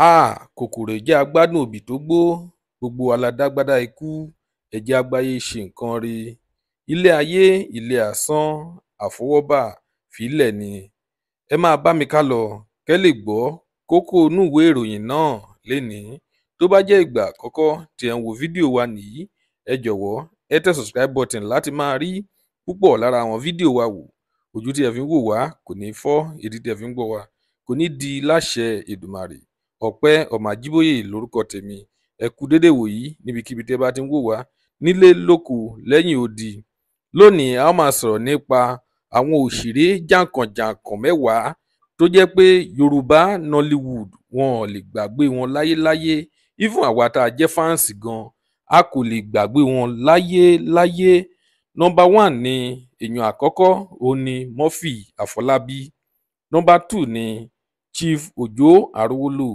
háà kòkòrò ẹ jẹ́ á gbádùn òbí tó gbó gbogbo wa la dágbádá ikú ẹ jẹ́ ṣe nǹkan re ilé ayé ilé asán àfọwọ́bà fílẹ̀ ni ẹ máa bá mi ká lọ kẹ́ lè gbọ́ kókó inú ìwé ìròyìn náà lénìí tó bá jẹ́ ìgbà àkọ́kọ́ tí ẹ̀ ń wo fídíò wa nìyí ẹ jọ̀wọ́ ẹ tẹ subscribe button láti máa rí púpọ̀ lára àwọn fídíò wa wò ojú tí ẹ fi ń wò wá kò ní fọ́ èdè tí ẹ fi ń gbọ́ wa kò ní di láṣẹ Èdùmàrè ọpẹ ọmọ àjíbóyè lórúkọ tèmi ẹ kú dédé wòyí níbikíbi tẹ́ bá ti ń wò wá nílé lóko lẹ́yìn odi lónìí a máa sọ̀rọ̀ nípa àwọn òṣèré jàǹkànjàǹkàn mẹ́wàá tó jẹ́ pé yorùbá nollywood wọn ò lè gbàgbé wọn láyéláyé even àwa tá a jẹ́ fáǹsì gan a kò lè gbàgbé wọn láyéláyé nọ́mbà one ni èèyàn àkọ́kọ́ òun ni Murphy Àfọlábí nọ́mbà two ni Chief Ojo Arowolo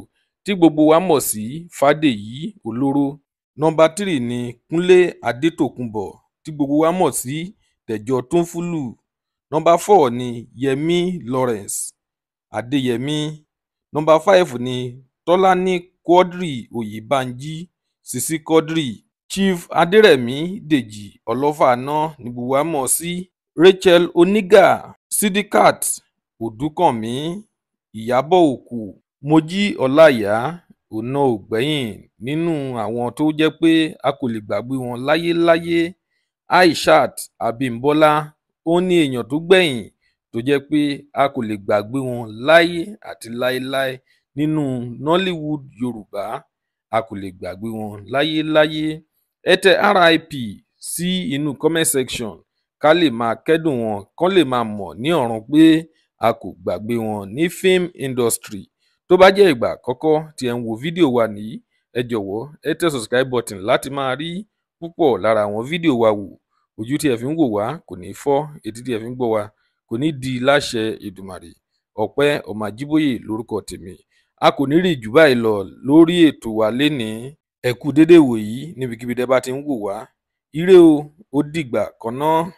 tí gbogbo wa mọ̀ sí fàdèyí ọlọ́rọ̀ nọmba three ni kúnlé adétòkùnbó tí gbogbo wa mọ̀ sí tẹ̀jọ tóńfùlù nọmba four ni yẹmi lawrence adéyẹmi nọmba five ni tọ́lání quadri oyèbánjí sisi quadri chief adẹ̀rẹ̀mí dèjì ọlọ́fààná ní gbogbo wa mọ̀ sí rachael oníga sidikat ọdùkànmí ìyàbọ̀ ọkọ̀ mojí ọláíyà òun náà ò gbẹ̀yìn nínú àwọn tó jẹ́ pé a kò lè gbàgbé wọn láyéláyé aishat abimbola ó ní èèyàn tó gbẹ̀yìn tó jẹ́ pé a kò lè gbàgbé wọn láyé àti láéláé nínú nollywood yorùbá a kò lè gbàgbé wọn láyéláyé ẹ tẹ rip sí inú comment section ká lè máa kẹ́dùn wọn kán lè máa mọ̀ ní ọ̀ràn pé a kò gbàgbé wọn ní film industry tó bá jẹ́ ìgbà àkọ́kọ́ tí ẹ ń wo fídíò wa nìyí ẹ jọ̀wọ́ ẹ tẹ subscribe button láti máa rí púpọ̀ lára àwọn fídíò wa wò ojú tí ẹ fi ń wò wá kò ní fọ́ etí tí ẹ fi ń gbọ́ wa kò ní di láṣẹ Èdùmàrè Ọpẹ́ Ọmọ Ajíbóyè lórúkọ tèmi a kò ní rí jù báyìí lọ lórí ètò wa lénìí ẹ kú déédéé wòyí níbikíbi tẹ́ bá ti ń wò wá ire o ó dìgbà kan náà.